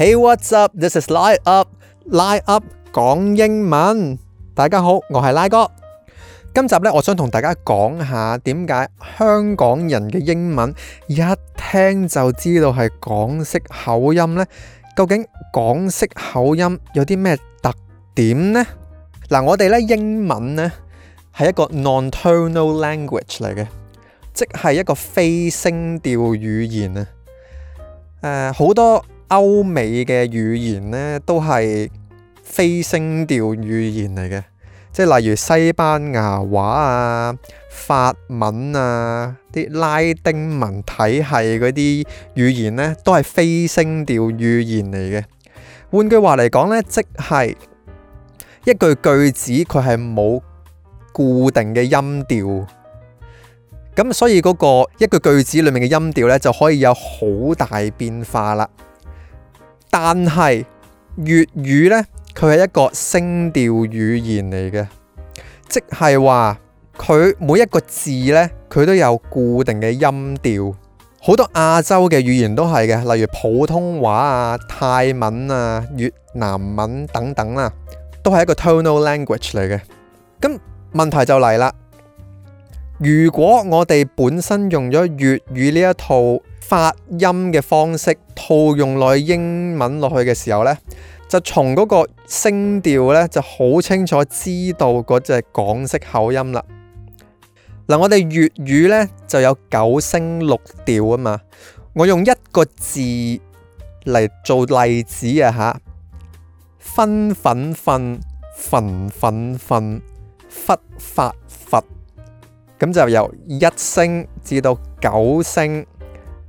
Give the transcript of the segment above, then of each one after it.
Hey what's up? This is Light Up. Light Up 講英文。大家好，我係 Light 哥。今集咧，我想同大家講下點解香港人嘅英文一聽就知道係港式口音咧？究竟港式口音有啲咩特點咧？嗱，我哋咧英文咧係一個 non-tonal language。歐美嘅語言呢都係非聲調語言嚟嘅，即係例如西班牙話啊、法文啊、啲拉丁文體系嗰啲語言呢，都係非聲調語言嚟嘅。換句話嚟講呢，即係一句句子佢係冇固定嘅音調，咁所以嗰個一句句子裡面嘅音調呢就可以有好大變化啦。但係粵語呢，佢係一個聲調語言嚟嘅，即係話佢每一個字呢，佢都有固定嘅音調。好多亞洲嘅語言都係嘅，例如普通話啊、泰文啊、越南文等等啦、啊，都係一個 tonal language 嚟嘅。咁問題就嚟啦。如果我哋本身用咗粵語呢一套發音嘅方式套用落去英文落去嘅時候呢，就從嗰個聲調呢，就好清楚知道嗰隻港式口音啦。嗱，我哋粵語呢就有九聲六調啊嘛。我用一個字嚟做例子呀啊吓，分，分、粉、分、墳、粉、分，分，分、忽、發、佛。咁就由一聲至到九聲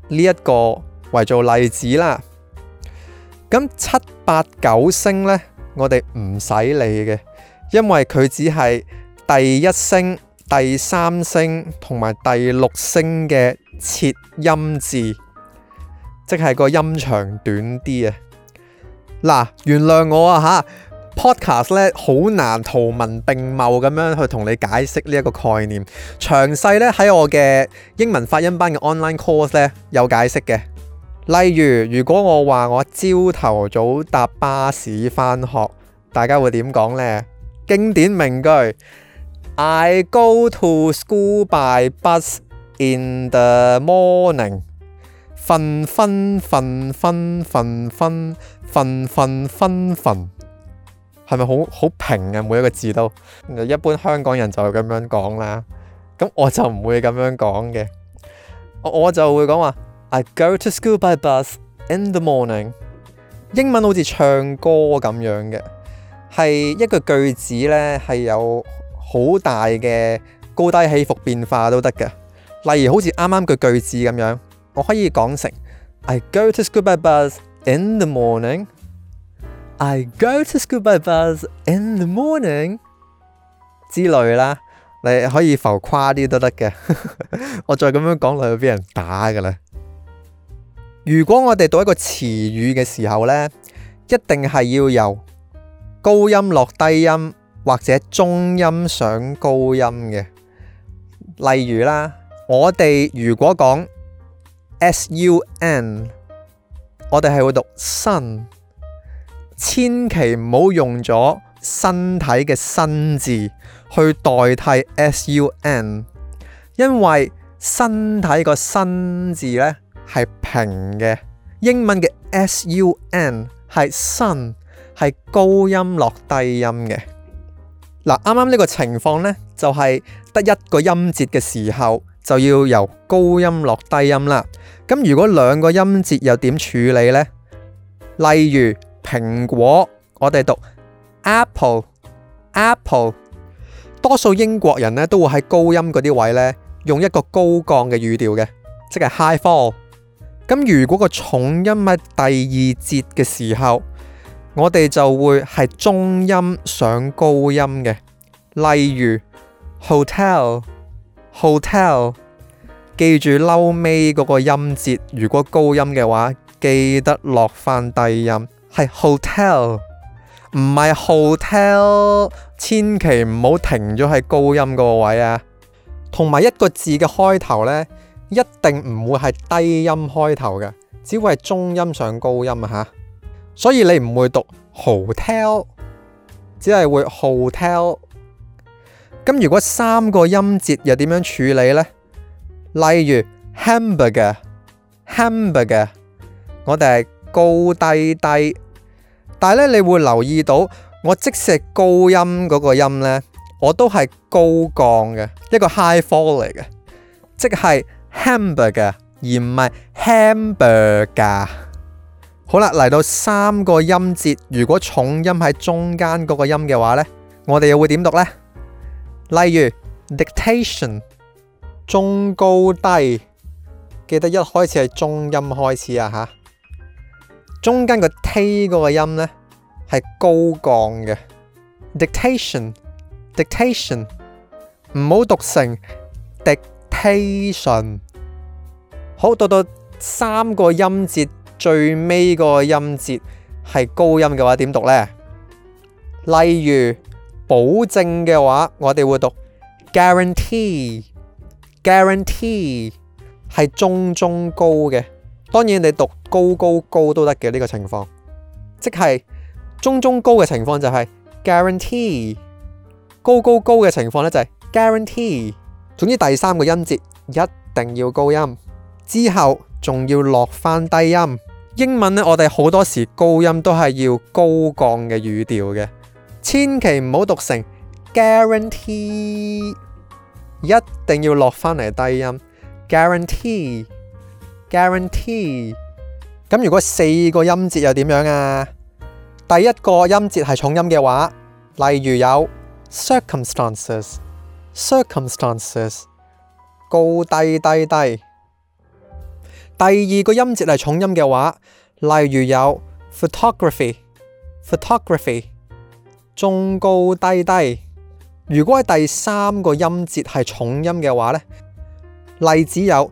呢一個為做例子啦。咁七八九聲呢，我哋唔使理嘅，因為佢只係第一聲、第三聲同埋第六聲嘅切音字，即係個音長短啲啊。嗱，原諒我啊吓。Podcast 咧好難圖文並茂咁樣去同你解釋呢一個概念，詳細咧喺我嘅英文發音班嘅 online course 咧有解釋嘅。例如，如果我話我朝頭早搭巴士返學，大家會點講呢？經典名句：I go to school by bus in the morning。瞓瞓瞓瞓瞓瞓瞓瞓瞓瞓。係咪好好平啊？每一個字都，一般香港人就會咁樣講啦。咁我就唔會咁樣講嘅，我就會講話。I go to school by bus in the morning。英文好似唱歌咁樣嘅，係一個句，句子呢，係有好大嘅高低起伏變化都得嘅。例如好似啱啱個句子咁樣，我可以講成 I go to school by bus in the morning。I go to school by bus in the morning。之類啦，你可以浮誇啲都得嘅。 我再咁樣講落去，我會俾人打噶啦。如果我哋讀一個詞語嘅時候呢，一定係要由高音落低音，或者中音上高音嘅。例如啦，我哋如果講 SUN，我哋係會讀 sun。千祈唔好用咗身體嘅身字去代替 sun，因為身體個身字呢係平嘅，英文嘅 sun 係 sun 係高音落低音嘅。嗱，啱啱呢個情況呢，就係得一個音節嘅時候就要由高音落低音啦。咁如果兩個音節又點處理呢？例如。蘋果，我哋讀 apple apple。多數英國人咧都會喺高音嗰啲位咧，用一個高降嘅語調嘅，即係 high fall。咁如果個重音喺第二節嘅時候，我哋就會係中音上高音嘅，例如 hotel hotel。記住，落尾嗰個音節，如果高音嘅話，記得落翻低音。係 hotel，唔係 hotel，千祈唔好停咗喺高音嗰個位啊！同埋一個字嘅開頭呢，一定唔會係低音開頭嘅，只會係中音上高音啊吓！所以你唔會讀 hotel，只係會 hotel。咁如果三個音節又點樣處理呢？例如 hamburger，hamburger，我哋。高低低，但係呢，你會留意到我即使高音嗰個音呢，我都係高降嘅一個 high fall 嚟嘅，即係 hamburger，而唔係 hamburger。好啦，嚟到三個音節，如果重音喺中間嗰個音嘅話呢，我哋又會點讀呢？例如 dictation，中高低，記得一開始係中音開始啊，吓。中間個 t 嗰個音呢，係高降嘅，dictation，dictation，唔好讀成 dictation。好，讀到三個音節，最尾個音節係高音嘅話，點讀呢？例如保證嘅話，我哋會讀 guarantee，guarantee 係中中高嘅。當然你讀高高高都得嘅，呢個情況，即係中中高嘅情況就係 guarantee，高高高嘅情況呢，就係 guarantee。總之第三個音節一定要高音，之後仲要落翻低音。英文呢，我哋好多時高音都係要高降嘅語調嘅，千祈唔好讀成 guarantee，一定要落翻嚟低音 guarantee。Guarantee，咁如果四個音節又點樣啊？第一個音節係重音嘅話，例如有 circumstances，circumstances，高低低低。第二個音節係重音嘅話，例如有 photography，photography，中高低低。如果係第三個音節係重音嘅話呢，例子有。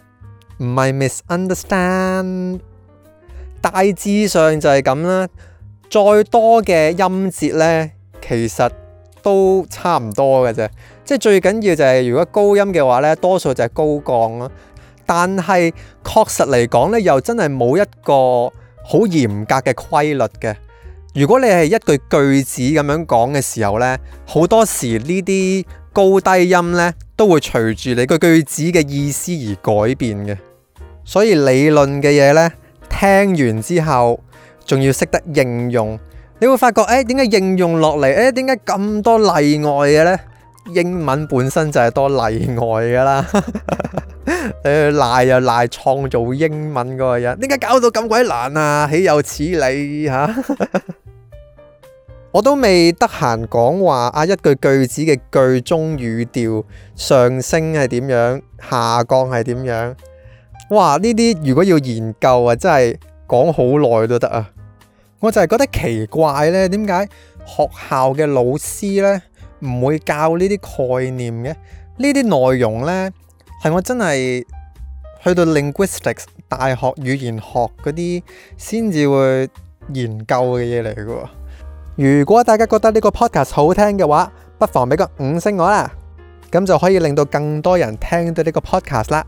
唔係 misunderstand，大致上就係咁啦。再多嘅音節呢，其實都差唔多嘅啫。即係最緊要就係，如果高音嘅話呢，多數就係高降咯。但係確實嚟講呢，又真係冇一個好嚴格嘅規律嘅。如果你係一句句子咁樣講嘅時候呢，好多時呢啲高低音呢，都會隨住你句句子嘅意思而改變嘅。所以理論嘅嘢呢，聽完之後，仲要識得應用。你會發覺，誒點解應用落嚟，誒點解咁多例外嘅呢？英文本身就係多例外㗎啦。誒 賴又賴創造英文嗰個人，點解搞到咁鬼難啊？豈有此理嚇、啊！ 我都未得閒講話啊，一句句子嘅句中語調上升係點樣，下降係點樣？哇！呢啲如果要研究啊，真係講好耐都得啊！我就係覺得奇怪呢，點解學校嘅老師呢，唔會教呢啲概念嘅？呢啲內容呢，係我真係去到 linguistics 大學語言學嗰啲先至會研究嘅嘢嚟噶。如果大家覺得呢個 podcast 好聽嘅話，不妨俾個五星我啦，咁就可以令到更多人聽到呢個 podcast 啦。